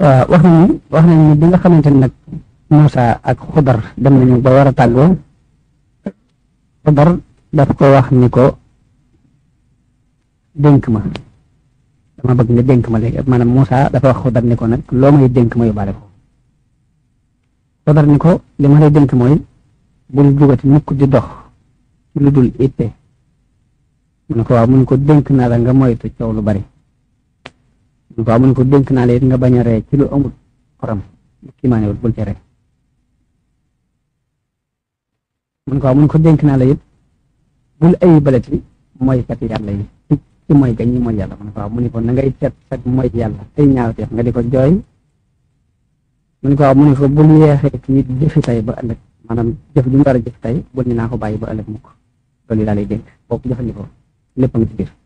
Euh, wax nañu wax nañ ni bi nga xamante ni nag Moussa ak Xudar dem nañu ba war a tàggoo Xudar daf ko wax ni ko dénk ma dama bëgg nga dénk ma léegi maanaam Moussa dafa wax Xudar ni ko nag loo may dénk ma yóbbaale ko Xudar ni ko li ma lay mooy bul dugati mukk di dox ci dul itte mu ko waaw mu ko dénk naa la nga moytu coow lu bari ba mun ko denk na le nga baña re ci lu amul xorom ki mané wul bul ci mun ko mun ko denk na le yit bul ay balati moy kat yalla yi ci moy gañ moy yalla mun ko waaw ko na ngay seet sag mooy yàlla ay def nga diko joy mun ko waaw ni ko bul yexé ci defi tay ba ëllëg manam def ju mu def tay bul ni na ko bayyi ba ëllëg mukk loolu lay dénk boo ko lepp nga ci def